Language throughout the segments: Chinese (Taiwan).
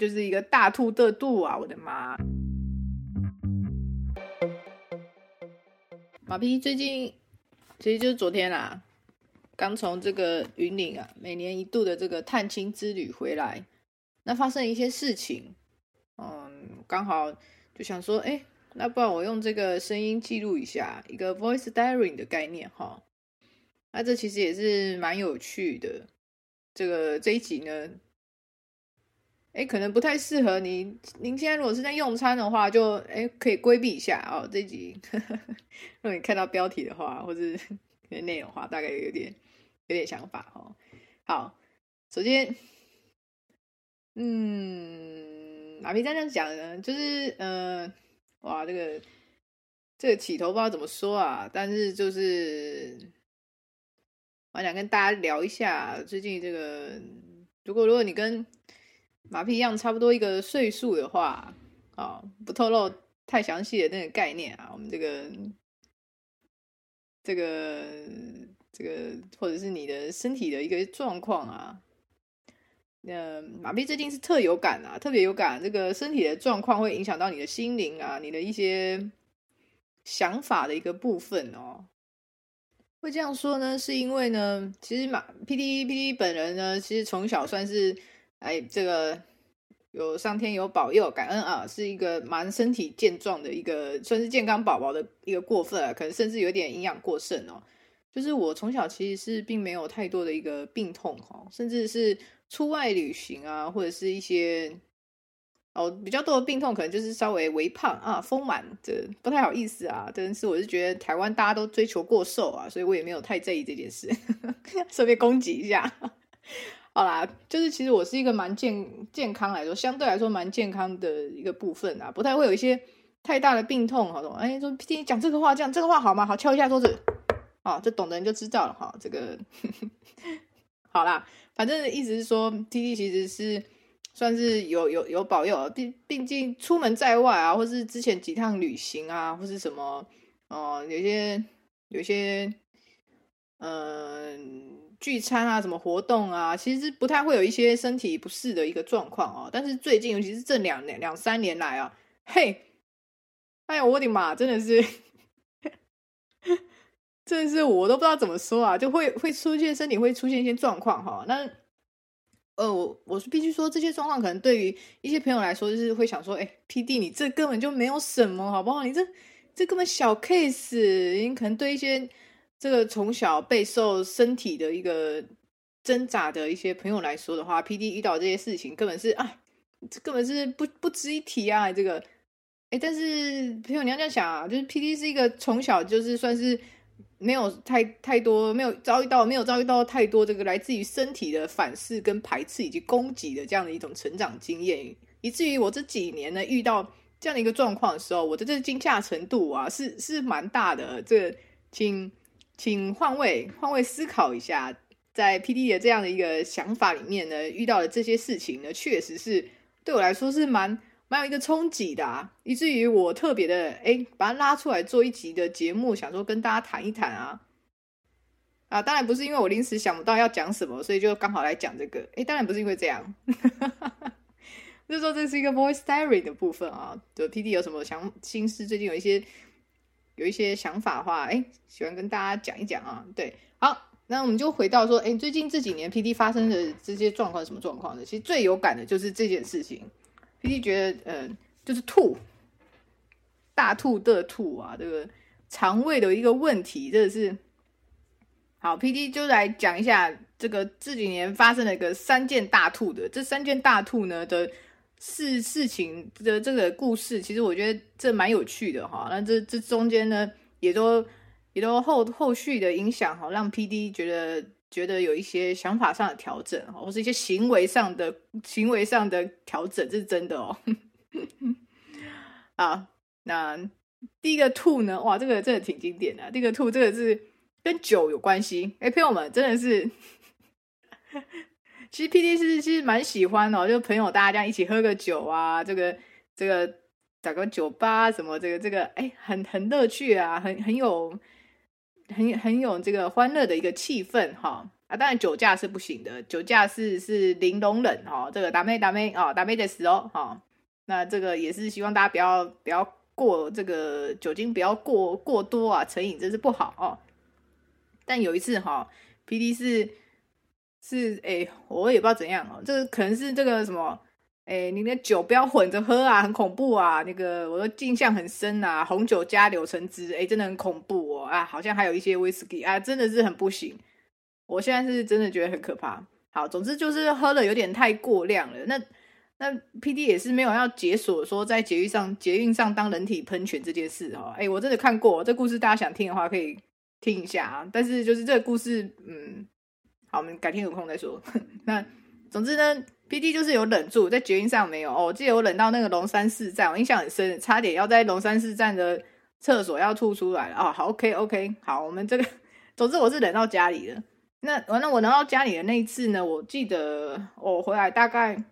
就是一個大吐的肚啊！我的媽！瑪 P 最近，其實就是昨天啦，啊，剛從這個雲嶺啊，每年一度的這個探親之旅回來，那發生一些事情，嗯，剛好就想說，哎，那不然我用這個聲音記錄一下，一個 voice diary 的概念哈，哦，那這其實也是蠻有趣的。這個這一集呢。哎，可能不太適合你。您現在如果是在用餐的話，就哎，可以規避一下哦。這集呵呵，如果你看到標題的話，或者內容的話，大概有點有點想法哦。好，首先，嗯，瑪 P 這樣講呢，就是嗯、呃，哇，這個這個起頭不知道怎麼說啊，但是就是我想跟大家聊一下最近這個，如果如果你跟瑪 P 一樣，差不多一個歲數的話，哦，不透露太詳細的那個概念啊。我們這個、這個、這個，或者是你的身體的一個狀況啊。那、嗯、瑪 P 最近是特有感啊，特別有感，這個身體的狀況會影響到你的心靈啊，你的一些想法的一個部分哦。會這樣說呢，是因為呢，其實瑪 PD PD 本人呢，其實從小算是。哎，這個有上天有保佑，感恩、嗯、啊，是一個蠻身體健壯的一個，算是健康寶寶的一個過分啊，可能甚至有點營養過剩哦。就是我從小其實是並沒有太多的一個病痛哦，甚至是出外旅行啊，或者是一些哦比較多的病痛，可能就是稍微微胖啊，豐滿的不太好意思啊。但是我是覺得台灣大家都追求過瘦啊，所以我也沒有太在意這件事， 順便攻擊一下。好啦，就是其實我是一個蠻健健康來說，相對來說蠻健康的一個部分啊，不太會有一些太大的病痛，好懂？哎，說弟弟講這個話，講這,這個話好嗎？好，敲一下桌子，哦，這懂的人就知道了哈。這個 好啦，反正意思是說，PD 其實是算是有有有保佑，畢畢竟出門在外啊，或是之前幾趟旅行啊，或是什麼，哦，有些有些，嗯。聚餐啊，什麼活動啊，其實不太會有一些身體不適的一個狀況哦。但是最近，尤其是這兩年，兩三年來啊，嘿，哎呀，我的媽，真的是， 真的是，我都不知道怎麼說啊，就會會出現身體會出現一些狀況哈。那呃，我我是必須說，這些狀況可能對於一些朋友來說，就是會想說，欸，PD，你這根本就沒有什麼，好不好？你這這根本小 case，可能對一些。這個從小備受身體的一個掙扎的一些朋友來說的話，PD 遇到這些事情根本是啊，這根本是不不值一提啊。這個哎，但是朋友你要這樣想啊，就是 PD 是一個從小就是算是沒有太太多沒有遭遇到沒有遭遇到太多這個來自於身體的反噬跟排斥以及攻擊的這樣的一種成長經驗，以至於我這幾年呢遇到這樣的一個狀況的時候，我的這個驚嚇程度啊是是蠻大的。這個，請。請換位換位思考一下，在 PD 的這樣的一個想法裡面呢，遇到的這些事情呢，確實是對我來說是蠻蠻有一個衝擊的。啊，以至於我特別的哎，把它拉出來做一集的節目，想說跟大家談一談啊啊，當然不是因為我臨時想不到要講什麼，所以就剛好來講這個，哎，當然不是因為這樣，就是 說這是一個 voice diary 的部分啊，就 PD 有什麼想心思？最近有一些。有一些想法的話，哎、欸，喜歡跟大家講一講啊。對，好，那我們就回到說，哎、欸，最近這幾年 PD 發生的這些狀況，什麼狀況呢？其實最有感的就是這件事情。PD 覺得，嗯、呃、就是吐，大吐的吐啊，這個腸胃的一個問題，這個是。好，PD 就來講一下這個這幾年發生了一個三件大吐的，這三件大吐呢的。就是事事情的這個故事，其實我覺得這蠻有趣的哈。那這這中間呢，也都也都後後續的影響哈，讓 PD 覺得覺得有一些想法上的調整或是一些行為上的行為上的調整，這是真的哦。啊， 那第一個吐呢？哇，這個真的挺經典的、啊。第一個吐這個是跟酒有關係。哎、欸，朋友們，真的是。 其實 PD 是其實蠻喜歡哦，就朋友大家這樣一起喝個酒啊，這個這個找個酒吧什麼，這個這個哎，很很樂趣啊，很很有很很有這個歡樂的一個氣氛哈、哦、啊，當然酒駕是不行的，酒駕是是零容忍哦，這個達妹達妹啊，達妹得死哦哈、哦哦，那這個也是希望大家不要不要過這個酒精不要過過多啊，成癮真是不好哦。但有一次哈，PD 是。PD4 是哎、欸，我也不知道怎樣哦，這個可能是這個什麼哎、欸，你的酒不要混着喝啊，很恐怖啊！那個，我的印象很深啊，紅酒加柳橙汁，哎、欸，真的很恐怖哦啊，好像還有一些威士忌啊，真的是很不行。我現在是真的覺得很可怕。好，總之就是喝了有點太過量了。那那 PD 也是沒有要解鎖說在捷運上捷運上當人體噴泉這件事哦。哎、欸，我真的看過、哦、這故事，大家想聽的話可以聽一下啊。但是就是這個故事，嗯。好，我們改天有空再說。 那總之呢，PD 就是有忍住，在捷運上沒有哦。我記得我忍到那個龍山寺站，我印象很深，差點要在龍山寺站的廁所要吐出來了哦，好 OK OK，好，我們這個總之我是忍到家裡了。那完了，我忍到家裡的那一次呢，我記得我、哦、回來大概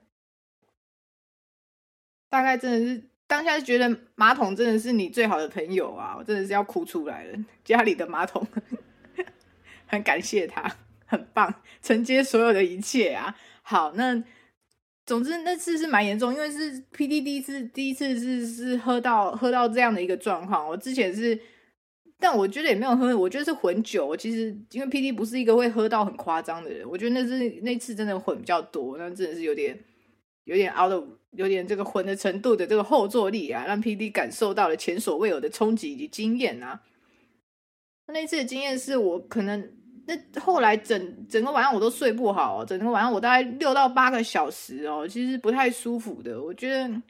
大概真的是當下就覺得馬桶真的是你最好的朋友啊，我真的是要哭出來了。家裡的馬桶 很感謝他。很棒，承接所有的一切啊！好，那總之那次是蠻嚴重，因為是 PD 第一次，第一次是是喝到喝到這樣的一個狀況。我之前是，但我覺得也沒有喝，我覺得是混酒。其實因為 PD 不是一個會喝到很誇張的人，我覺得那次那次真的混比較多，那真的是有點有點熬的，有點這個混的程度的這個後坐力啊，讓 PD 感受到了前所未有的衝擊以及經驗啊。那次的經驗是我可能。那後來整整個晚上我都睡不好哦，整個晚上我大概六到八個小時哦，其實不太舒服的。我覺得，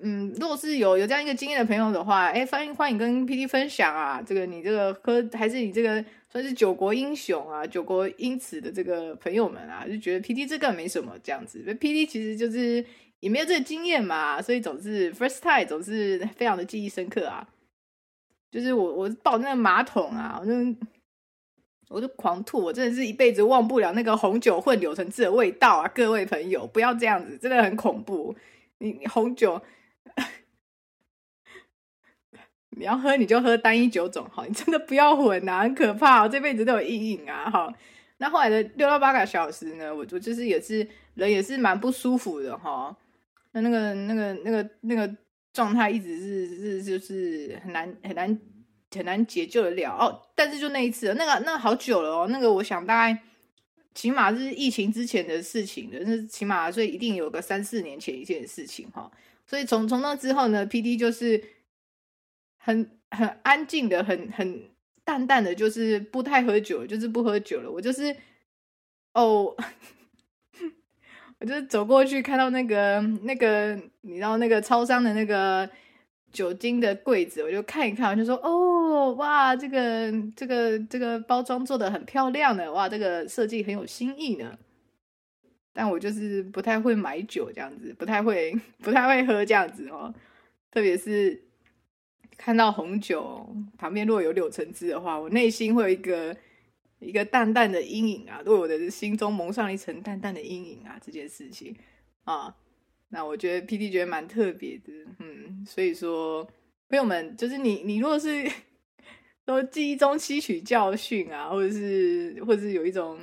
嗯，如果是有有這樣一個經驗的朋友的話，哎，歡迎歡迎跟 P D 分享啊，這個你這個喝還是你這個算是酒國英雄啊、酒國英雌的這個朋友們啊，就覺得 P D 這個沒什麼這樣子，P D 其實就是也沒有這個經驗嘛，所以總是 first time 總是非常的記憶深刻啊，就是我我抱那個馬桶啊，我就我就狂吐，我真的是一輩子忘不了那個紅酒混柳橙汁的味道啊！各位朋友，不要這樣子，真的很恐怖。你你紅酒， 你要喝你就喝單一酒種，好，你真的不要混啊，很可怕，啊，這輩子都有陰影啊！好，那後來的六到八個小時呢，我我就是也是人也是蠻不舒服的哈，哦。那那個那個那個那個狀態一直是是就是很難很難。很難解救得了哦，但是就那一次，那個那個好久了哦，那個我想大概起碼是疫情之前的事情的，那、就是、起碼所以一定有個三四年前一件事情哈，所以從從那之後呢，PD 就是很很安靜的，很很淡淡的就是不太喝酒，就是不喝酒了。我就是哦， 我就是走過去看到那個那個，你知道那個超商的那個。酒精的櫃子，我就看一看，我就說，哦，哇，這個這個這個包裝做得很漂亮呢，哇，這個設計很有新意呢。但我就是不太會買酒這樣子，不太會不太會喝這樣子哦。特別是看到紅酒旁邊如果有柳橙汁的話，我內心會有一個一個淡淡的陰影啊。為我的心中蒙上一層淡淡的陰影啊，這件事情啊。那我覺得 PD 覺得蠻特別的，嗯，所以說朋友們，就是你，你如果是都記憶中吸取教訓啊，或者是，或者是有一種，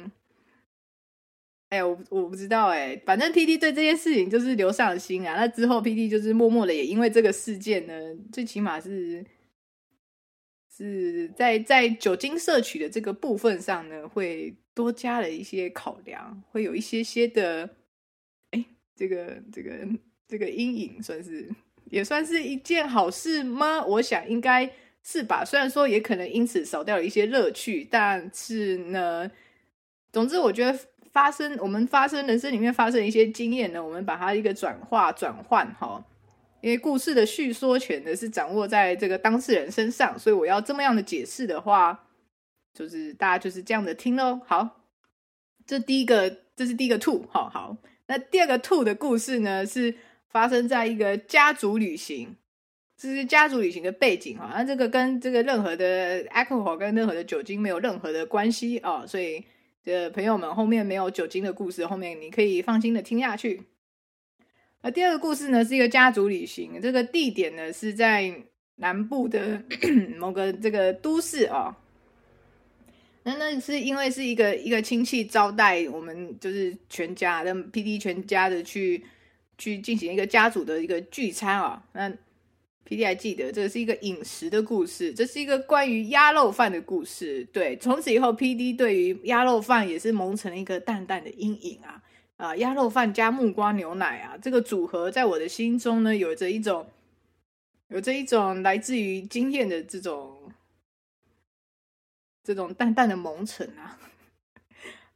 哎、欸、我我不知道、欸，哎，反正 PD 對這件事情就是留上了心啊。那之後 PD 就是默默的，也因為這個事件呢，最起碼是是在在酒精攝取的這個部分上呢，會多加了一些考量，會有一些些的。這個這個這個陰影算是，也算是一件好事嗎？我想應該是吧。雖然說也可能因此少掉了一些樂趣，但是呢，總之我覺得發生我們發生人生裡面發生一些經驗呢，我們把它一個轉化轉換哈。因為故事的敘說權呢，是掌握在這個當事人身上，所以我要這麼樣的解釋的話，就是大家就是這樣的聽嘍。好，這第一個，這是第一個吐，好好。好那第二個吐的故事呢，是發生在一個家族旅行，這是家族旅行的背景啊、哦。那這個跟這個任何的 alcohol、跟任何的酒精沒有任何的關係哦，所以這朋友們後面沒有酒精的故事，後面你可以放心的聽下去。那第二個故事呢，是一個家族旅行，這個地點呢是在南部的 某個這個都市啊、哦。那、嗯、那是因為是一個一個親戚招待我們，就是全家，那 P D 全家的去去進行一個家族的一個聚餐啊。那 P D 還記得，這是一個飲食的故事，這是一個關於鴨肉飯的故事。對，從此以後 P D 對於鴨肉飯也是蒙成了一個淡淡的陰影啊啊，鴨肉飯加木瓜牛奶啊，這個組合在我的心中呢，有着一種有着一種來自於經驗的這種。這種淡淡的蒙塵啊，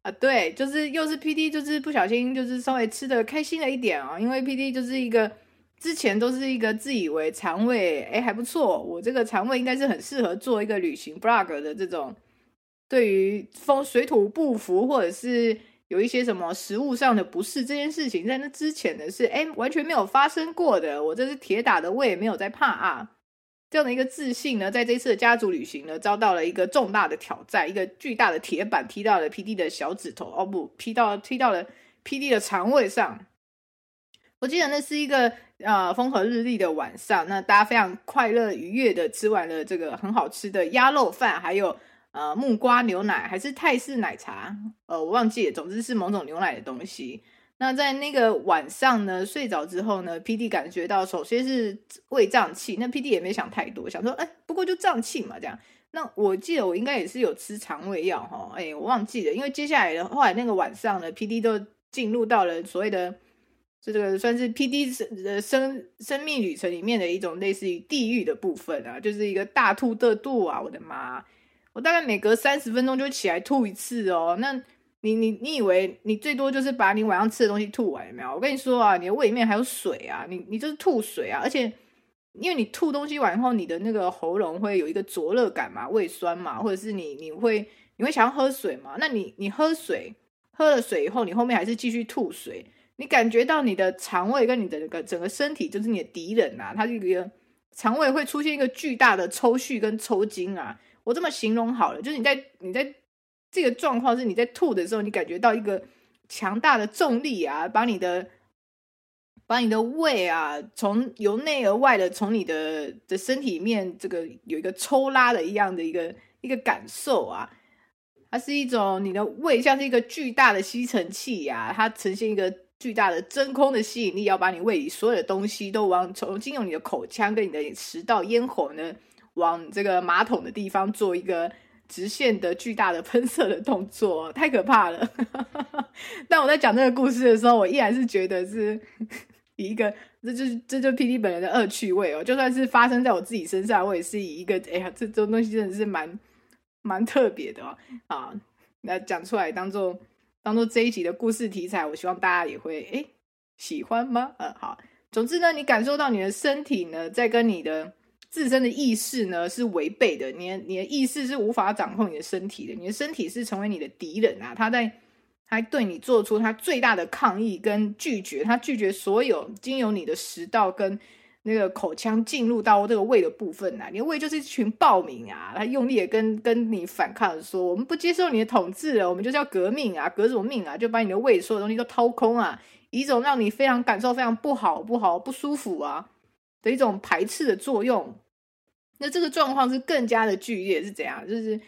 啊，對，就是又是 PD，就是不小心，就是稍微吃的開心了一點啊、哦，因為 PD 就是一個之前都是一個自以為腸胃哎、欸、還不錯，我這個腸胃應該是很適合做一個旅行 blog 的這種，對於風水土不服或者是有一些什麼食物上的不適這件事情，在那之前的是哎、欸、完全沒有發生過的，我這是鐵打的胃，我也沒有在怕啊。這樣的一個自信呢，在這一次的家族旅行呢，遭到了一個重大的挑戰，一個巨大的鐵板踢到了 PD 的小指頭，哦不，踢到踢到了 PD 的腸胃上。我記得那是一個呃風和日麗的晚上，那大家非常快樂愉悅的吃完了這個很好吃的鴨肉飯，還有呃木瓜牛奶，還是泰式奶茶，呃我忘記了，總之是某種牛奶的東西。那在那個晚上呢，睡着之後呢，P D 感覺到首先是胃脹氣，那 P D 也沒想太多，想說，哎、欸，不過就脹氣嘛這樣。那我記得我應該也是有吃腸胃藥哈、哦，哎、欸，我忘記了，因為接下來的後來那個晚上呢，P D 都進入到了所謂的這個算是 P D 生生生命旅程裡面的一種類似於地獄的部分啊，就是一個大吐特吐啊，我的媽！我大概每隔三十分鐘就起來吐一次哦，那。你你你以為你最多就是把你晚上吃的東西吐完，有沒有？我跟你說啊，你的胃裡面還有水啊，你你就是吐水啊。而且，因為你吐東西完以後，你的那個喉嚨會有一個灼熱感嘛，胃酸嘛，或者是你你會你會想要喝水嘛？那你你喝水喝了水以後，你後面還是繼續吐水，你感覺到你的腸胃跟你的那個整個身體就是你的敵人吶、啊，它這個腸胃會出現一個巨大的抽搐跟抽筋啊。我這麼形容好了，就是你在你在。這個狀況是，你在吐的時候，你感覺到一個強大的重力啊，把你的把你的胃啊，從由內而外的，從你的的身體裡面，這個有一個抽拉的一樣的一個一個感受啊，它是一種你的胃像是一個巨大的吸塵器呀、啊，它呈現一個巨大的真空的吸引力，要把你胃裡所有的東西都往從經由你的口腔跟你的食道、咽喉呢，往這個馬桶的地方做一個。直線的巨大的噴射的動作，太可怕了。 但我在講這個故事的時候，我依然是覺得是以一個，這就是這就是 PD 本人的惡趣味哦。就算是發生在我自己身上，我也是以一個，哎呀，這種東西真的是蠻蠻特別的哦。啊，那講出來當做當做這一集的故事題材，我希望大家也會哎、欸、喜歡嗎？嗯，好。總之呢，你感受到你的身體呢，在跟你的。自身的意識呢是違背的，你的你的意識是無法掌控你的身體的，你的身體是成為你的敵人啊！他在，他對你做出他最大的抗議跟拒絕，他拒絕所有經由你的食道跟那個口腔進入到這個胃的部分啊！你的胃就是一群暴民啊，他用力也跟跟你反抗說：我們不接受你的統治了，我們就是要革命啊，革什麼命啊？就把你的胃所有東西都掏空啊，一種讓你非常感受非常不好、不好、不舒服啊的一種排斥的作用。那這個狀況是更加的劇烈是怎樣？就是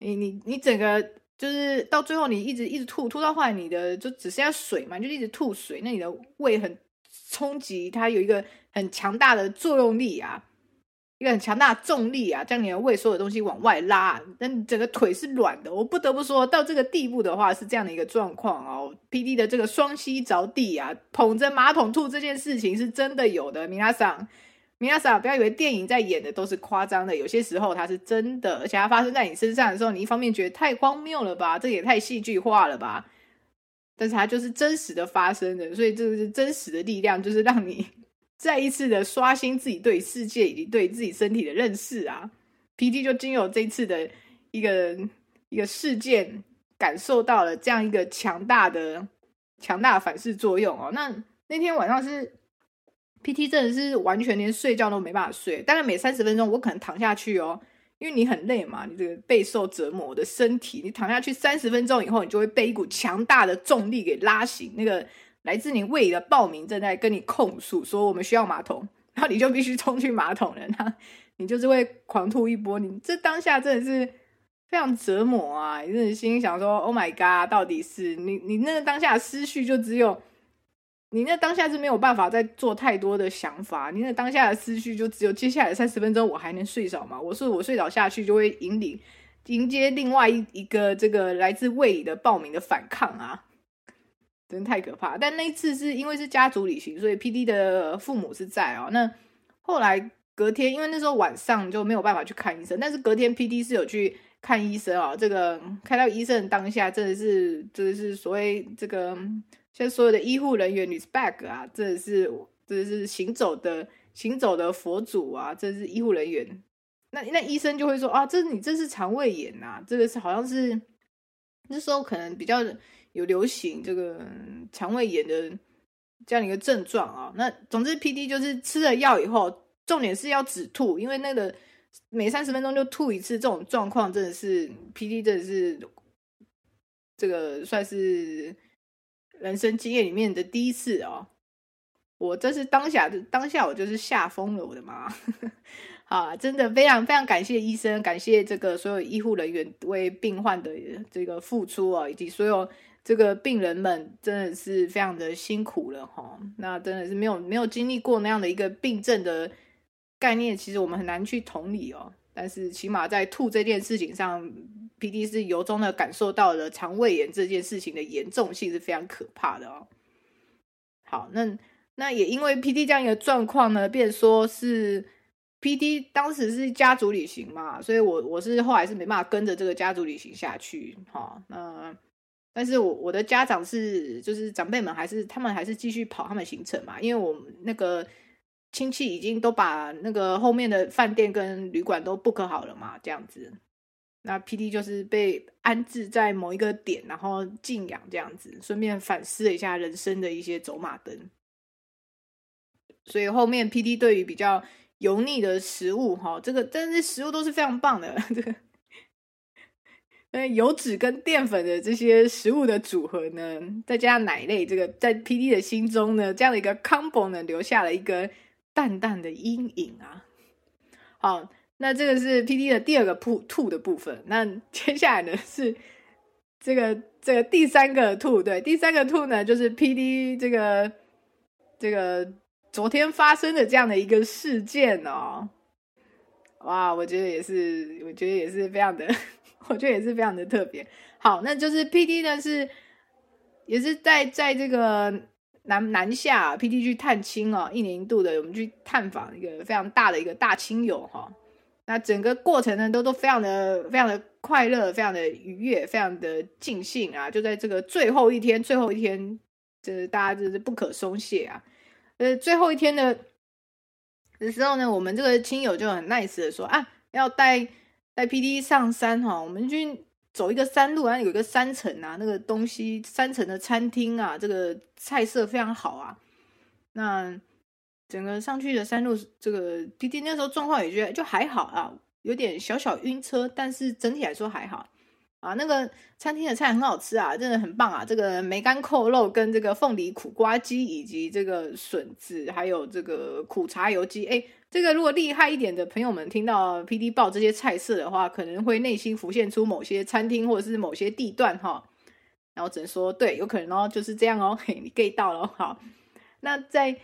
你你你整個就是到最後你一直一直吐，吐到後來你的就只剩下水嘛，你就一直吐水。那你的胃很衝擊，它有一個很強大的作用力啊，一個很強大的重力啊，將你的胃所有東西往外拉。那你整個腿是軟的，我不得不說到這個地步的話是這樣的一個狀況哦。PD 的這個雙膝着地啊，捧着馬桶吐這件事情是真的有的，米娜桑。米亞莎，不要以為電影在演的都是誇張的，有些時候它是真的，而且它發生在你身上的時候，你一方面覺得太荒謬了吧，這也太戲劇化了吧，但是它就是真實的發生的，所以這個是真實的力量，就是讓你再一次的刷新自己對世界以及對自己身體的認識啊。PD 就經由這一次的一個一個事件，感受到了這樣一個強大的強大的反噬作用哦。那那天晚上是。P.T. 真的是完全連睡覺都沒辦法睡，但是每三十分鐘我可能躺下去哦，因為你很累嘛，你這個備受折磨的身體，你躺下去三十分鐘以後，你就會被一股強大的重力給拉醒，那個來自你胃的暴民正在跟你控訴，說我們需要馬桶，然後你就必須衝去馬桶了，那你就是會狂吐一波，你這當下真的是非常折磨啊，你真的心裡想說，Oh my God，到底是，你，你那個當下的思緒就只有。你那當下是沒有辦法再做太多的想法，你那當下的思緒就只有接下來的三十分鐘，我還能睡着嗎？我說我睡着下去就會引領迎接另外一一個這個來自胃裡的暴民的反抗啊，真的太可怕。但那一次是因為是家族旅行，所以 PD 的父母是在啊、喔。那後來隔天，因為那時候晚上就沒有辦法去看醫生，但是隔天 PD 是有去看醫生啊、喔。這個看到醫生當下真的是，真的是所謂這個。像所有的醫護人員，respect 啊，這是，這是行走的行走的佛祖啊，這是醫護人員。那那醫生就會說啊，這你這是腸胃炎吶、啊，這個是好像是那時候可能比較有流行這個腸胃炎的這樣一個症狀啊。那總之，PD 就是吃了藥以後，重點是要止吐，因為那個每三十分鐘就吐一次這種狀況，真的是 PD，真的是這個算是。人生經驗裡面的第一次哦，我這是當下，當下我就是嚇瘋了，我的媽啊！ 真的非常非常感謝醫生，感謝這個所有醫護人員為病患的這個付出哦，以及所有這個病人們真的是非常的辛苦了哈、哦。那真的是沒有沒有經歷過那樣的一個病症的概念，其實我們很難去同理哦。但是起碼在吐這件事情上，PD 是由衷的感受到了腸胃炎這件事情的嚴重性是非常可怕的哦。好，那那也因為 PD 這樣一個狀況呢，便說是 PD 當時是家族旅行嘛，所以我我是後來是沒辦法跟着這個家族旅行下去。好，那但是我我的家長是就是長輩們還是他們還是繼續跑他們行程嘛，因為我們那個。親戚已經都把那個後面的飯店跟旅館都 book 好了嘛？這樣子，那 P D 就是被安置在某一個點，然後靜養這樣子，順便反思了一下人生的一些走馬燈。所以後面 P D 對於比較油膩的食物，哈、哦，這個但是食物都是非常棒的。這個， 油脂跟澱粉的這些食物的組合呢，再加上奶類，這個在 P D 的心中呢，這樣的一個 combo 呢，留下了一個。淡淡的陰影啊，好，那這個是 PD 的第二個「吐」的部分。那接下來呢是這個這個第三個「吐」，對，第三個「吐」呢就是 PD 這個這個昨天發生的這樣的一個事件哦。哇，我覺得也是，我覺得也是非常的，我覺得也是非常的特別。好，那就是 PD 呢是也是在在這個。南南下，PD 去探親哦，一年一度的，我們去探訪一個非常大的一個大親友哈、哦。那整個過程呢，都都非常的非常的快樂，非常的愉悅，非常的盡興啊！就在這個最後一天，最後一天，就是大家就是不可鬆懈啊。呃，最後一天的、的時候呢，我們這個親友就很 nice 的說啊，要帶帶 PD 上山哈、哦，我們去。走一個山路，然後有一個三層啊，那個東西三層的餐廳啊，這個菜色非常好啊。那整個上去的山路，這個滴滴那時候狀況也覺得就還好啊，有點小小暈車，但是整體來說還好啊。那個餐廳的菜很好吃啊，真的很棒啊。這個梅乾扣肉跟這個鳳梨苦瓜雞，以及這個筍子，還有這個苦茶油雞，哎。這個如果厲害一點的朋友們聽到 PD 報這些菜色的話，可能會內心浮現出某些餐廳或者是某些地段哈、哦，然後只能說對，有可能哦，就是這樣哦，嘿你 get 到了。哈，那在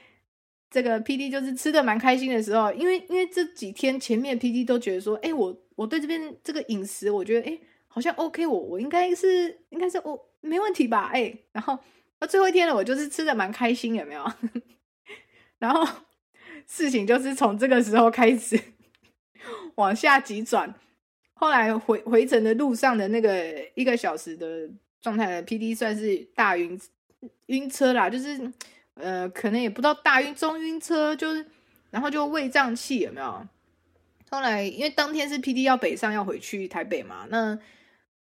這個 PD 就是吃得蠻開心的時候，因為因為這幾天前面 PD 都覺得說，哎、欸，我我對這邊這個飲食，我覺得哎、欸、好像 OK，我我應該是應該是我沒問題吧，哎、欸，然後那最後一天了，我就是吃得蠻開心，有沒有？ 然後。事情就是從這個時候開始往下急轉，後來回回程的路上的那個一個小時的狀態的 P D 算是大暈暈車啦，就是呃，可能也不知道大暈中暈車就，就是然後就胃脹氣有沒有？後來因為當天是 P D 要北上要回去台北嘛，那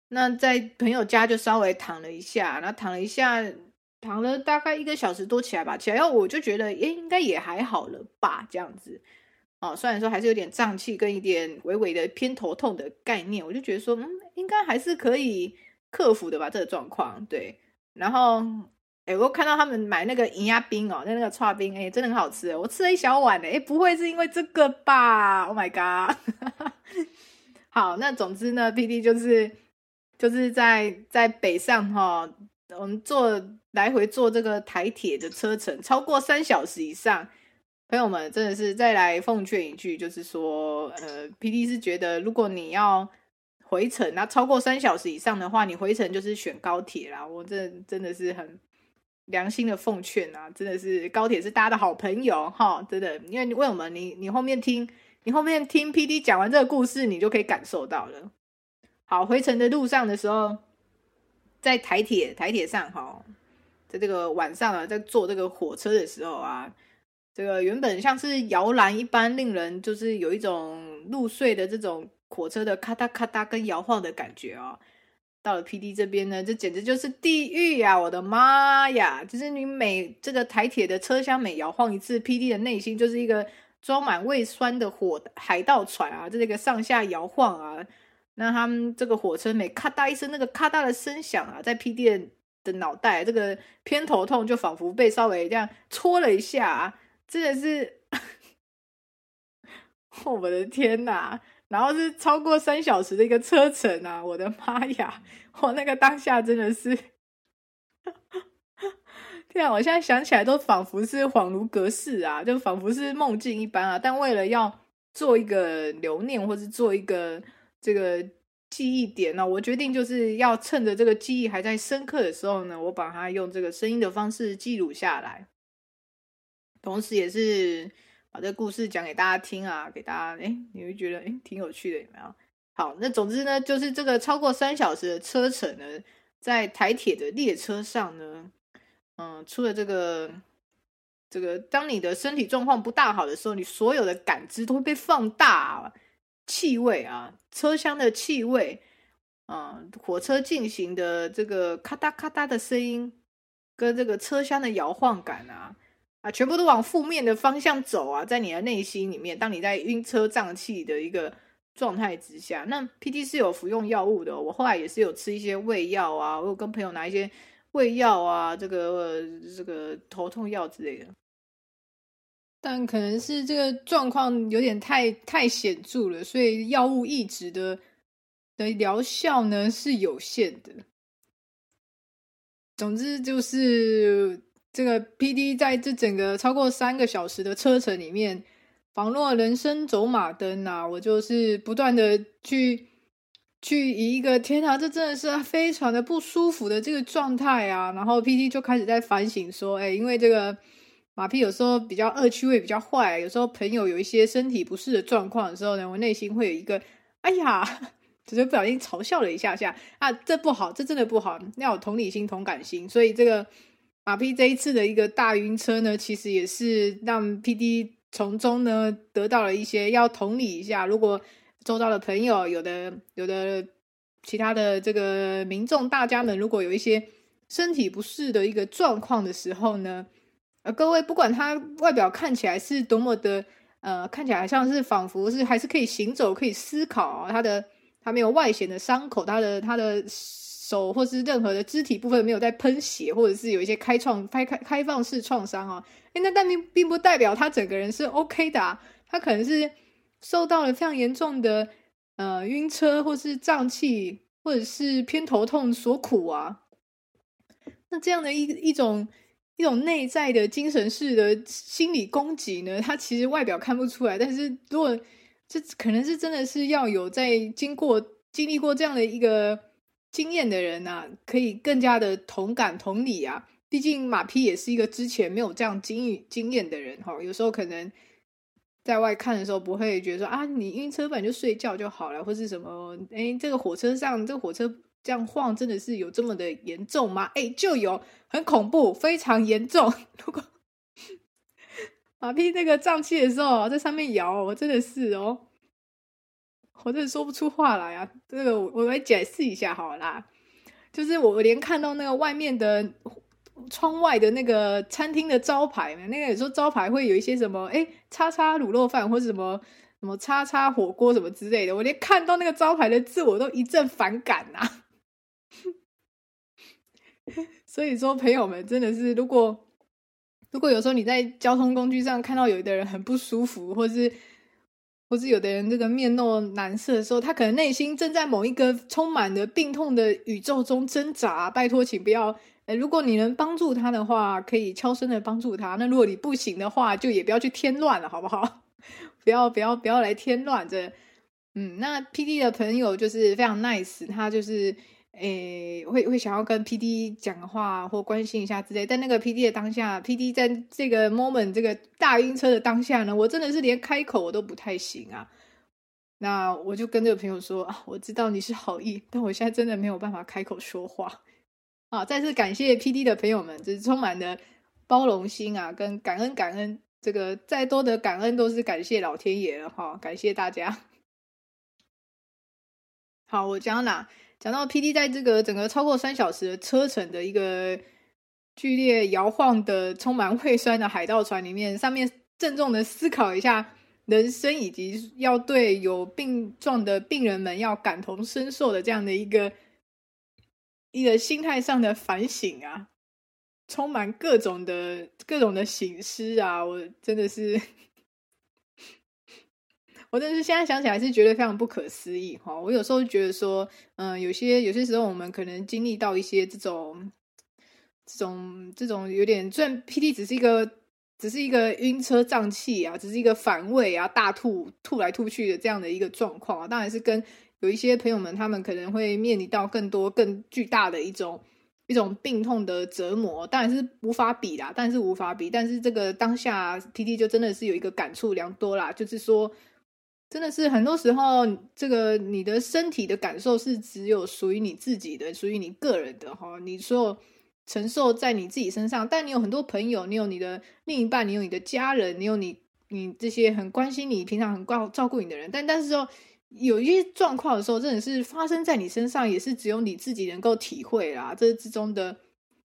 那在朋友家就稍微躺了一下，然後躺了一下。躺了大概一個小時多起來吧，起來後我就覺得，哎、欸，應該也還好了吧，這樣子，哦，雖然說還是有點脹氣跟一點微微的偏頭痛的概念，我就覺得說，嗯，應該還是可以克服的吧，這個狀況。對，然後，哎、欸，我看到他們買那個銀鴨冰哦，那那個串冰，哎、欸，真的很好吃，哦，我吃了一小碗，哎、欸，不會是因為這個吧？Oh my god！ 好，那總之呢，弟 d 就是就是在在北上哈，哦。我們坐來回坐這個台鐵的車程超過三小時以上，朋友們真的是再來奉勸一句，就是說，呃，PD 是覺得如果你要回程，那、啊、超過三小時以上的話，你回程就是選高鐵啦。我這真的是很良心的奉勸啊，真的是高鐵是大家的好朋友哈，真的，因為你問我們，你你後面聽，你後面聽 PD 講完這個故事，你就可以感受到了。好，回程的路上的時候。在台鐵台鐵上，哈，在這個晚上啊，在坐這個火車的時候啊，這個原本像是搖籃一般，令人就是有一種入睡的這種火車的咔嗒咔嗒跟搖晃的感覺啊。到了 PD 這邊呢，這簡直就是地獄呀，啊！我的媽呀！就是你每這個台鐵的車廂每搖晃一次，PD 的內心就是一個裝滿胃酸的火海盜船啊，在這個上下搖晃啊。那他們這個火車每咔嗒一聲，那個咔嗒的聲響啊，在 PD 的腦袋，這個偏頭痛就仿佛被稍微這樣搓了一下，啊，真的是， 我的天哪！然後是超過三小時的一個車程啊，我的媽呀，我那個當下真的是， 天啊！我現在想起來都仿佛是恍如隔世啊，就仿佛是夢境一般啊。但為了要做一個留念，或是做一個。這個記憶點呢，我決定就是要趁着這個記憶還在深刻的時候呢，我把它用這個聲音的方式記錄下來，同時也是把這個故事講給大家聽啊，給大家，誒，你會覺得誒，挺有趣的，有沒有？好，那總之呢，就是這個超過三小時的車程呢，在台鐵的列車上呢，嗯，除了這個，這個，當你的身體狀況不大好的時候，你所有的感知都會被放大。氣味啊，車廂的氣味啊、嗯，火車進行的這個咔嗒咔嗒的聲音，跟這個車廂的搖晃感啊，啊，全部都往負面的方向走啊，在你的內心裡面，當你在暈車脹氣的一個狀態之下，那 PD 是有服用藥物的，我後來也是有吃一些胃藥啊，我有跟朋友拿一些胃藥啊，這個、呃、這個頭痛藥之類的。但可能是這個狀況有點太太顯著了，所以藥物抑制的的療效呢是有限的。總之就是這個 PD 在這整個超過三個小時的車程裡面，仿若人生走馬燈啊，我就是不斷的去去以一個天啊，這真的是非常的不舒服的這個狀態啊。然後 PD 就開始在反省說，哎、欸，因為這個。馬屁有時候比較惡趣味，比較壞。有時候朋友有一些身體不適的狀況的時候呢，我內心會有一個“哎呀”，只是不小心嘲笑了一下下啊，這不好，這真的不好。要有同理心、同感心。所以這個瑪 P 這一次的一個大暈車呢，其實也是讓 PD 從中呢得到了一些要同理一下。如果周遭的朋友、有的、有的其他的這個民眾大家們，如果有一些身體不適的一個狀況的時候呢。呃，各位，不管他外表看起來是多麼的，呃，看起來像是仿佛是還是可以行走、可以思考啊、哦，他的他沒有外顯的傷口，他的他的手或是任何的肢體部分沒有在噴血，或者是有一些開創開開開放式創傷啊，誒、欸、那但並並不代表他整個人是 OK 的啊，他可能是受到了非常嚴重的呃暈車或是脹氣或者是偏頭痛所苦啊，那這樣的一一種。一種內在的精神式的心理攻擊呢，它其實外表看不出來。但是如果這可能是真的是要有在經過經歷過這樣的一個經驗的人吶、啊，可以更加的同感同理啊。畢竟瑪 P 也是一個之前沒有這樣經歷經驗的人哈、哦。有時候可能在外看的時候不會覺得說啊，你暈車本就睡覺就好了，或是什麼，誒，這個火車上，這個火車這樣晃真的是有這麼的嚴重嗎？誒，就有。很恐怖，非常嚴重。如果瑪 P 那個脹氣的時候在上面搖，我真的是哦，我真的說不出話來啊。這個我來解釋一下好啦，就是我連看到那個外面的窗外的那個餐廳的招牌嘛，那個有時候招牌會有一些什麼哎、欸、叉叉滷肉飯或者什麼什麼叉叉火鍋什麼之類的，我連看到那個招牌的字我都一陣反感啊。所以說，朋友們真的是，如果如果有時候你在交通工具上看到有的人很不舒服，或是或是有的人這個面露難色的時候，他可能內心正在某一個充滿着病痛的宇宙中掙扎。拜托，請不要，呃，如果你能幫助他的話，可以悄聲的幫助他。那如果你不行的話，就也不要去添亂了，好不好？ 不要不要不要來添亂，這嗯，那 PD 的朋友就是非常 nice，他就是。誒、欸，會會想要跟 P D 講話或關心一下之類，但那個 P D 的當下，P D 在這個 moment 這個大暈車的當下呢，我真的是連開口我都不太行啊。那我就跟這個朋友說、啊，我知道你是好意，但我現在真的沒有辦法開口說話啊。再次感謝 P D 的朋友們，就是充滿了包容心啊，跟感恩感恩，這個再多的感恩都是感謝老天爺哈、啊，感謝大家。好，我講啦。講到 PD 在這個整個超過三小時的車程的一個劇烈搖晃的充滿胃酸的海盜船裡面，上面鄭重的思考一下人生，以及要對有病狀的病人們要感同身受的這樣的一個一個心態上的反省啊，充滿各種的各種的省思啊，我真的是。我真的是現在想起來是覺得非常不可思議哈！我有時候覺得說，嗯，有些有些時候我們可能經歷到一些這種、這種、這種有點，雖然 PD 只是一個，只是一個暈車、脹氣啊，只是一個反胃啊、大吐吐來吐去的這樣的一個狀況、啊，當然是跟有一些朋友們他們可能會面臨到更多、更巨大的一種一種病痛的折磨，當然是無法比啦，但是無法比。但是這個當下 PD 就真的是有一個感觸良多啦，就是說。真的是很多時候，這個你的身體的感受是只有屬於你自己的，屬於你個人的哈，你所有承受在你自己身上。但你有很多朋友，你有你的另一半，你有你的家人，你有你你這些很關心你、平常很關照顧你的人。但但是說，有一些狀況的時候，真的是發生在你身上，也是只有你自己能夠體會啦，這之中的。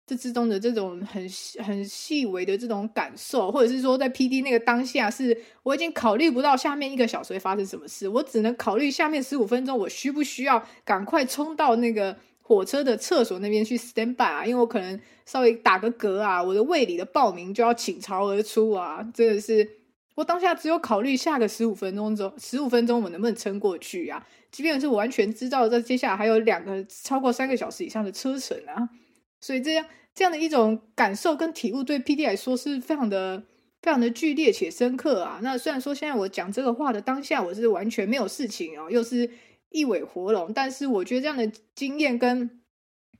這之中的這種很很細微的這種感受，或者是說在 PD 那個當下是，是我已經考慮不到下面一個小時會發生什麼事，我只能考慮下面十五分鐘，我需不需要趕快衝到那個火車的廁所那邊去 stand by 啊？因為我可能稍微打個嗝啊，我的胃裡的暴民就要傾巢而出啊！真的是，我當下只有考慮下個十五分鐘中，十五分鐘我能不能撐過去啊？即便是我完全知道在接下來還有兩個超過三個小時以上的車程啊。所以這樣這樣的一種感受跟體悟，對 PD 來說是非常的、非常的劇烈且深刻啊。那雖然說現在我講這個話的當下，我是完全沒有事情哦，又是一尾活龍。但是我覺得這樣的經驗跟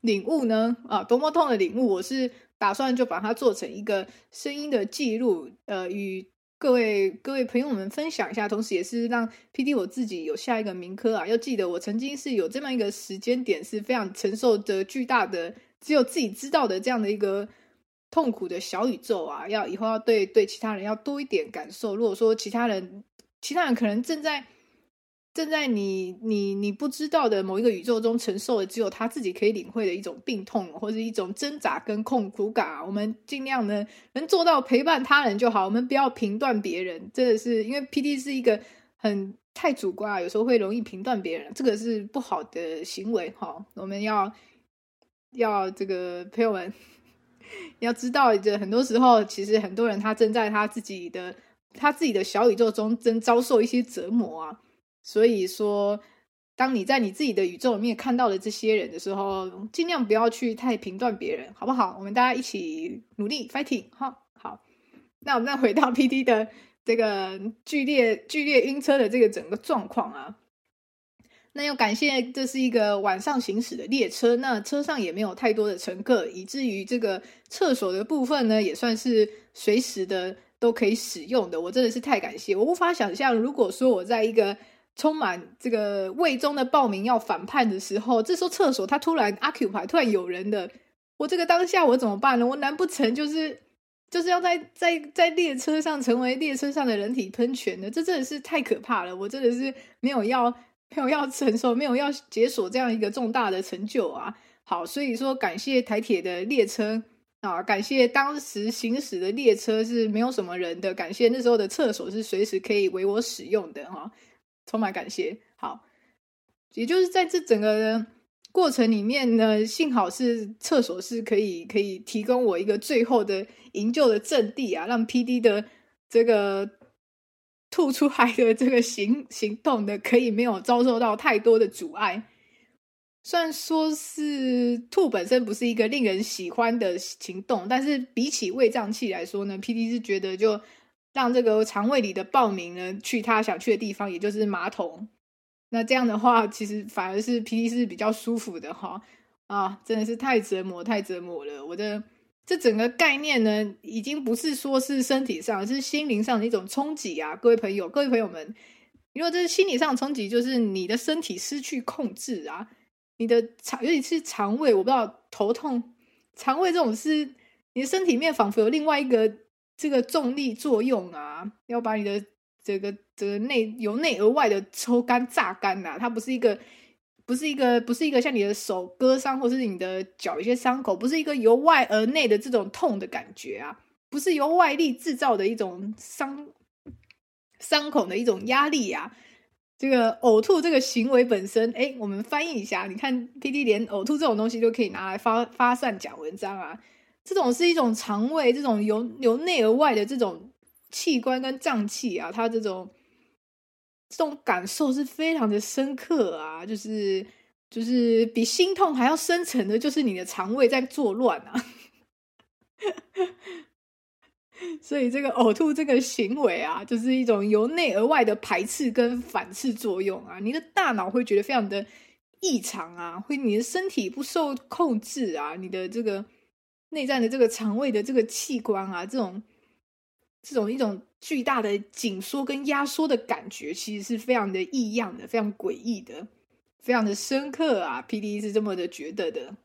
領悟呢，啊，多麼痛的領悟！我是打算就把它做成一個聲音的記錄，呃，與各位各位朋友們分享一下，同時也是讓 PD 我自己有下一個銘刻啊。要記得，我曾經是有這麼一個時間點，是非常承受着巨大的。只有自己知道的這樣的一個痛苦的小宇宙啊，要以後要對、對其他人要多一點感受。如果說其他人，其他人可能正在，正在你你你不知道的某一個宇宙中承受的只有他自己可以領會的一種病痛或者一種掙扎跟痛苦感，啊，我們儘量呢能做到陪伴他人就好。我們不要評斷別人，真的是因為 PD 是一個很太主觀啊，有時候會容易評斷別人，這個是不好的行為哈，哦。我們要。要這個朋友們，要知道，就很多時候，其實很多人他正在他自己的他自己的小宇宙中，正遭受一些折磨啊。所以說，當你在你自己的宇宙裡面看到了這些人的時候，盡量不要去太評斷別人，好不好？我們大家一起努力，fighting，好，好。那我們再回到 PD 的這個劇烈劇烈暈車的這個整個狀況啊。那要感謝，這是一個晚上行駛的列車，那車上也沒有太多的乘客，以至於這個廁所的部分呢，也算是隨時的都可以使用的。我真的是太感謝，我無法想象，如果說我在一個充滿這個胃中的暴民要反叛的時候，這時候廁所它突然 occupy，突然有人的，我這個當下我怎麼辦呢？我難不成就是就是要在在在列車上成為列車上的人體噴泉呢？這真的是太可怕了，我真的是沒有要。沒有要承受，沒有要解鎖這樣一個重大的成就啊！好，所以說感謝台鐵的列車啊，感謝當時行駛的列車是沒有什麼人的，感謝那時候的廁所是隨時可以為我使用的哈、啊，充滿感謝。好，也就是在這整個過程裡面呢，幸好是廁所是可以可以提供我一個最後的營救的陣地啊，讓 PD 的這個。吐出來的這個行行動的可以沒有遭受到太多的阻礙。雖然說是吐本身不是一個令人喜歡的行動，但是比起胃脹氣來說呢，PD 是覺得就讓這個腸胃裡的暴民呢去他想去的地方，也就是馬桶。那這樣的話，其實反而是 PD 是比較舒服的哈、哦。啊，真的是太折磨，太折磨了，我的。這整個概念呢，已經不是說是身體上，是心靈上的一種衝擊啊！各位朋友，各位朋友們，如果這是心理上的衝擊，就是你的身體失去控制啊，你的腸尤其是腸胃，我不知道頭痛、腸胃這種是你的身體裡面仿佛有另外一個這個重力作用啊，要把你的這個這個內由內而外的抽乾、榨乾吶、啊，它不是一個。不是一個，不是一個像你的手割傷，或者是你的腳有些傷口，不是一個由外而內的這種痛的感覺啊，不是由外力制造的一種傷傷口的一種壓力啊。這個嘔吐這個行為本身，哎，我們翻譯一下，你看，PD 連嘔吐這種東西都可以拿來發發散講文章啊，這種是一種腸胃這種由由內而外的這種器官跟臟器啊，它這種。這種感受是非常的深刻啊，就是就是比心痛還要深層的，就是你的腸胃在作亂啊。 所以這個嘔吐這個行為啊，就是一種由內而外的排斥跟反斥作用啊。你的大腦會覺得非常的異常啊，會你的身體不受控制啊，你的這個內在的這個腸胃的這個器官啊，這種。這種一種巨大的緊縮跟壓縮的感覺，其實是非常的異樣的，非常詭異的，非常的深刻啊！PD 是這麼的覺得的。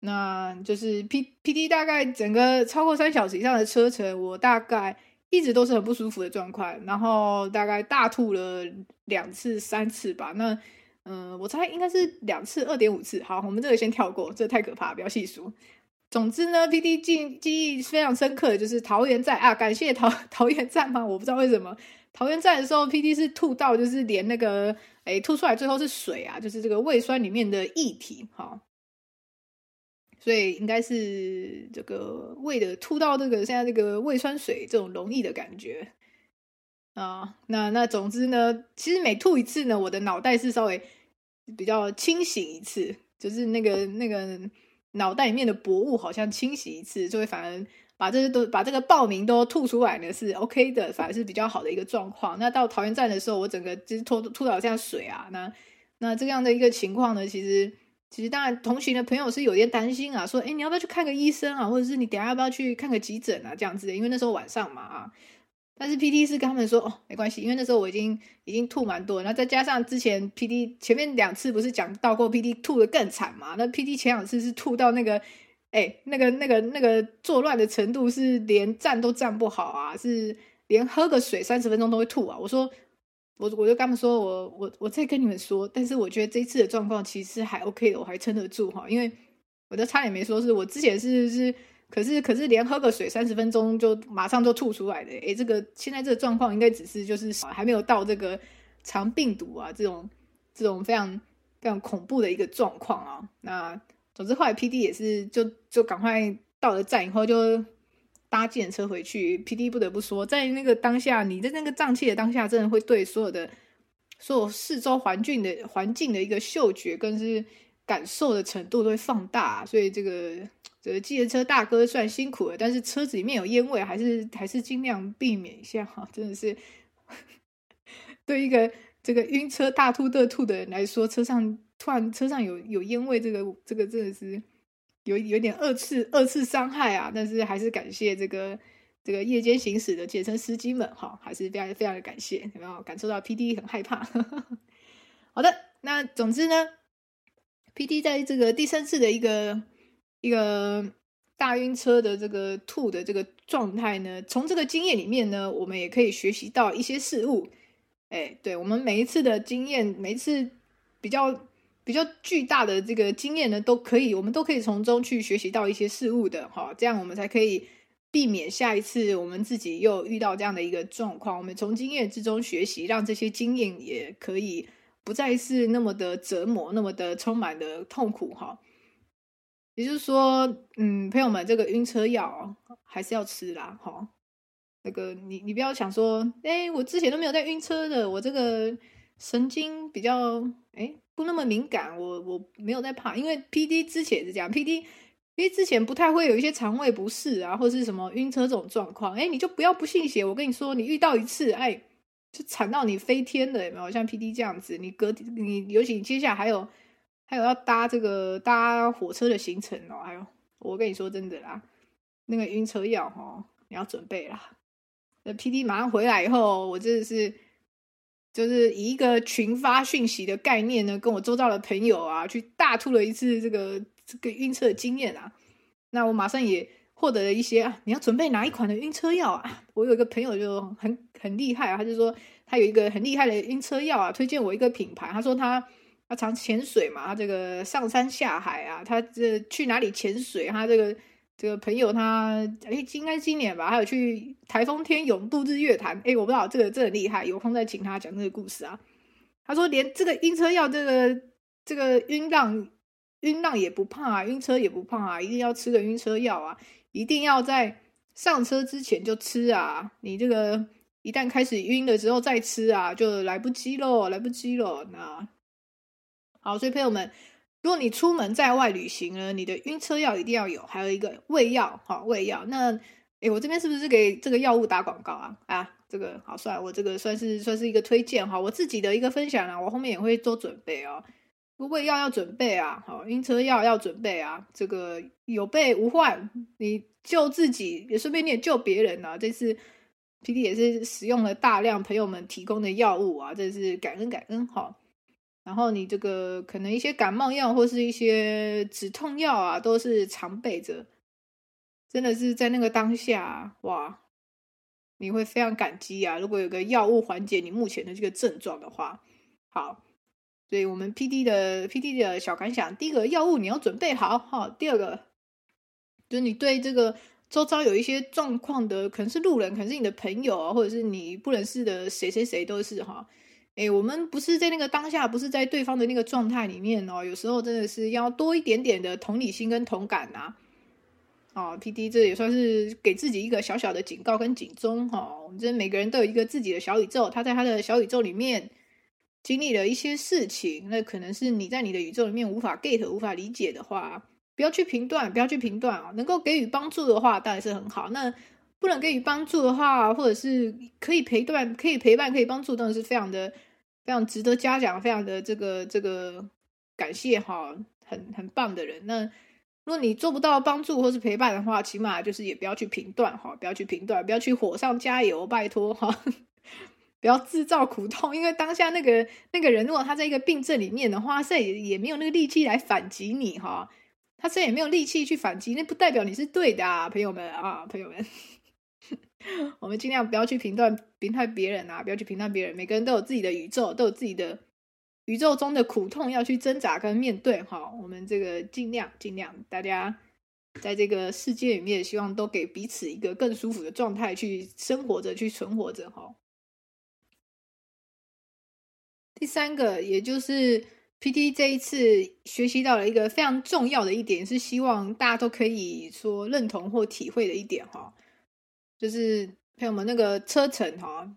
那就是 P P D 大概整個超過三小時以上的車程，我大概一直都是很不舒服的狀況，然後大概大吐了兩次三次吧。那嗯、呃，我猜應該是兩次二點五次。好，我們這個先跳過，這個、太可怕，不要細數。總之呢，PD 記記憶非常深刻，就是桃園站啊，感謝桃桃園站嘛？我不知道為什麼桃園站的時候，PD 是吐到就是連那個哎、欸、吐出來最後是水啊，就是這個胃酸裡面的液體哈、哦。所以應該是這個胃的吐到這個現在這個胃酸水這種容易的感覺啊、哦。那那總之呢，其實每吐一次呢，我的腦袋是稍微比較清醒一次，就是那個那個。腦袋裡面的薄霧好像清洗一次，就會反而把這些都把這個報名都吐出來呢，是 OK 的，反而是比較好的一個狀況。那到桃園站的時候，我整個就是吐吐了好像水啊，那那這樣的一個情況呢，其實其實當然同行的朋友是有點擔心啊，說誒你要不要去看個醫生啊，或者是你等下要不要去看個急診啊，這樣子的，因為那時候晚上嘛啊。但是 PD 是跟他們說哦，沒關係，因為那時候我已經已經吐蠻多，然後再加上之前 PD 前面兩次不是講到過 PD 吐的更慘嘛？那 PD 前兩次是吐到那個，哎、欸，那個那個、那個、那個作亂的程度是連站都站不好啊，是連喝個水三十分鐘都會吐啊。我說我我就跟他們說我我我再跟你們說，但是我覺得這一次的狀況其實還 OK 的，我還撐得住哈，因為我都差點沒說是我之前是是。可是，可是連喝個水三十分鐘就馬上就吐出來的、欸，誒、欸、這個現在這個狀況應該只是就是還沒有到這個腸病毒啊，這種這種非常非常恐怖的一個狀況啊。那總之後來 P D 也是就就趕快到了站以後就搭計程車回去。P D 不得不說，在那個當下，你在那個脹氣的當下，真的會對所有的所有四周環境的環境的一個嗅覺，跟是感受的程度都會放大、啊，所以這個。呃，計程車大哥算辛苦了，但是車子裡面有煙味，還是還是盡量避免一下哈、啊。真的是對一個這個暈車大吐特吐的人來說，車上突然車上有有煙味，這個這個真的是有有點二次二次傷害啊。但是還是感謝這個這個夜間行駛的計程車司機們哈、啊，還是非常非常的感謝。有沒有感受到 P D 很害怕呵呵？好的，那總之呢，P D 在這個第三次的一個。這個大暈車的這個吐的這個狀態呢，從這個經驗裡面呢，我們也可以學習到一些事物。哎，對，我們每一次的經驗，每一次比較比較巨大的這個經驗呢，都可以，我們都可以從中去學習到一些事物的哈，這樣我們才可以避免下一次我們自己又遇到這樣的一個狀況。我們從經驗之中學習，讓這些經驗也可以不再是那麼的折磨，那麼的充滿的痛苦哈。也就是說，嗯，朋友們，這個暈車藥還是要吃啦，齁。那個你，你你不要想說，哎、欸，我之前都沒有在暈車的，我這個神經比較，哎、欸，不那麼敏感，我我沒有在怕。因為 P D 之前也是這樣，P D 因為之前不太會有一些腸胃不適啊，或是什麼暈車這種狀況，哎、欸，你就不要不信邪。我跟你說，你遇到一次，哎，就慘到你飛天的，有沒有？像 P D 這樣子，你隔你，尤其你接下來還有。還有要搭這個搭火車的行程哦，還有，我跟你說真的啦，那個暈車藥哈、哦，你要準備啦。那 PD 馬上回來以後，我真的是就是以一個群發訊息的概念呢，跟我周遭的朋友啊，去大吐了一次這個這個暈車經驗啊。那我馬上也獲得了一些啊，你要準備哪一款的暈車藥啊？我有一個朋友就很很厲害啊，他就說他有一個很厲害的暈車藥啊，推薦我一個品牌，他說他。他常潛水嘛,他這個上山下海啊，他這去哪裡潛水？他這個這個朋友他，他誒應該今年吧，還有去颱風天泳渡日月潭。哎、欸，我不知道這個，這很厲害，有空再請他講這個故事啊。他說，連這個暈車藥，這個這個暈浪暈浪也不怕、啊，暈車也不怕啊，一定要吃個暈車藥啊，一定要在上車之前就吃啊。你這個一旦開始暈的時候再吃啊，就來不及咯，來不及咯。那。好，所以朋友們，如果你出門在外旅行呢，你的暈車藥一定要有，還有一個胃藥，哈、哦，胃藥。那哎、欸，我這邊是不是給這個藥物打廣告啊？啊，這個好算，我這個算是算是一個推薦哈，我自己的一個分享啊，我後面也會做準備哦，胃藥要準備啊，好，暈車藥要準備啊，這個有備無患。你救自己，也順便你也救別人啊。這次 PD 也是使用了大量朋友們提供的藥物啊，這是感恩感恩哈。哦然後你這個可能一些感冒藥或是一些止痛藥啊，都是常備着。真的是在那個當下，哇，你會非常感激啊！如果有個藥物緩解你目前的這個症狀的話，好，所以我們 PD 的 PD 的小感想，第一個藥物你要準備好哈。第二個，就是你對這個周遭有一些狀況的，可能是路人，可能是你的朋友啊，或者是你不認識的誰誰誰都是哈。誒、欸，我們不是在那個當下，不是在對方的那個狀態裡面哦。有時候真的是要多一點點的同理心跟同感吶、啊。哦，PD，這也算是給自己一個小小的警告跟警鐘哈、哦。我們這每個人都有一個自己的小宇宙，他在他的小宇宙裡面經歷了一些事情。那可能是你在你的宇宙裡面無法 get、無法理解的話，不要去評斷，不要去評斷啊、哦。能夠給予幫助的話，當然是很好。那不能給予幫助的話，或者是可以陪伴、可以陪伴、可以幫助，當然是非常的。非常值得嘉獎，非常的這個這個感謝哈，很很棒的人。那如果你做不到幫助或是陪伴的話，起碼就是也不要去評斷哈，不要去評斷，不要去火上加油，拜託哈，不要製造苦痛，因為當下那個那個人，如果他在一個病症裡面的話，他現在也也沒有那個力氣來反擊你哈，他現在也沒有力氣去反擊，那不代表你是對的啊，啊，朋友們啊，朋友們。 我們盡量不要去評斷、評判別人啊！不要去評斷別人，每個人都有自己的宇宙，都有自己的宇宙中的苦痛，要去掙扎跟面對哈。我們這個盡量、盡量，大家在這個世界裡面，希望都給彼此一個更舒服的狀態去生活着、去存活着哈。第三個，也就是 PD 這一次學習到了一個非常重要的一點，是希望大家都可以說認同或體會的一點哈。就是朋友們那個車程哈、哦，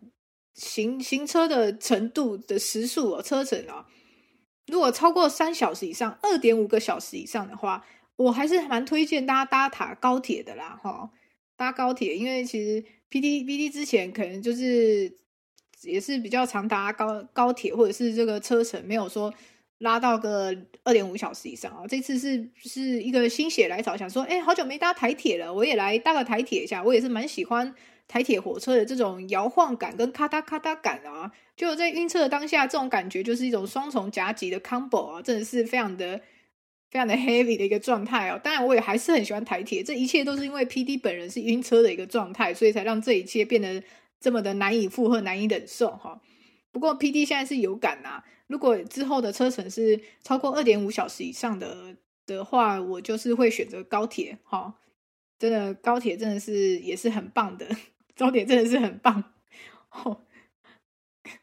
行行車的程度的時速哦，車程哦，如果超過三小時以上，二點五個小時以上的話，我還是蠻推薦大家搭塔高鐵的啦哈、哦，搭高鐵，因為其實 P D P D 之前可能就是也是比較常搭高高鐵或者是這個車程沒有說，拉到個二點五小時以上啊、哦！這次是是一個心血來潮，想說，哎，好久沒搭台鐵了，我也來搭個台鐵一下。我也是蠻喜歡台鐵火車的這種搖晃感跟咔嗒咔嗒感啊。就在暈車的當下，這種感覺就是一種雙重夾擊的 combo 啊，真的是非常的非常的 heavy 的一個狀態哦。當然，我也還是很喜歡台鐵。這一切都是因為 PD 本人是暈車的一個狀態，所以才讓這一切變得這麼的難以負荷、難以忍受哈、哦。不過，PD 現在是有感吶、啊。如果之後的車程是超過二點五小時以上的的話，我就是會選擇高鐵。哈、哦，真的高鐵真的是也是很棒的，高鐵真的是很棒。哦，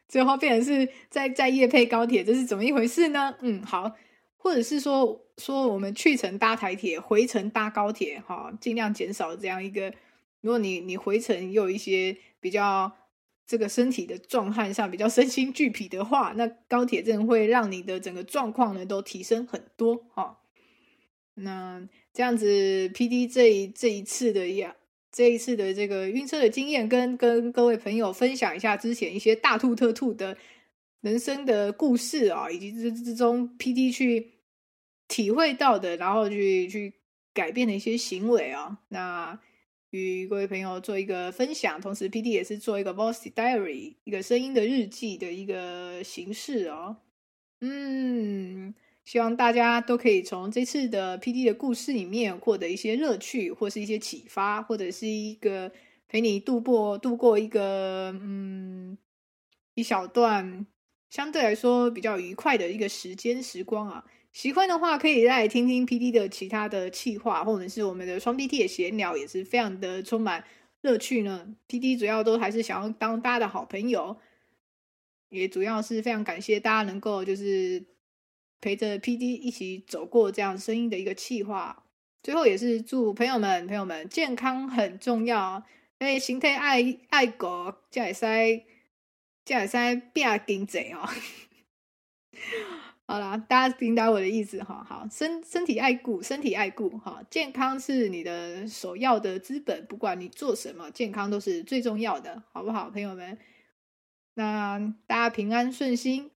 最後變成是在在業配高鐵，這是怎麼一回事呢？嗯，好，或者是說說我們去程搭台鐵，回程搭高鐵，哈、哦，盡量減少這樣一個。如果你你回程又有一些比較。這個身體的狀態上比較身心俱疲的話，那高鐵真會讓你的整個狀況呢都提升很多啊、哦。那這樣子，P D 這一這一次的呀，這一次的這個暈車的經驗，跟跟各位朋友分享一下之前一些大吐特吐的人生的故事啊、哦，以及之中 P D 去體會到的，然後去去改變的一些行為啊、哦，那。與各位朋友做一個分享，同時 PD 也是做一個 Voice Diary，一個聲音的日記的一個形式哦。嗯，希望大家都可以從這次的 PD 的故事裡面獲得一些樂趣，或是一些啟發，或者是一個陪你度過度過一個嗯，一小段相對來說比較愉快的一個時間時光啊。喜歡的話，可以再來聽聽 P D 的其他的企劃，或者是我們的雙 D T 的閒聊，也是非常的充滿樂趣呢。P D 主要都還是想要當大家的好朋友，也主要是非常感謝大家能夠就是陪着 P D 一起走過這樣聲音的一個企劃。最後也是祝朋友們朋友們健康很重要，因為心態愛愛國，加塞加塞不要頂嘴哦。 好啦，大家明白我的意思哈。好，身身體愛顧，身體愛顧哈，健康是你的首要的資本，不管你做什麼，健康都是最重要的，好不好，朋友們？那大家平安順心。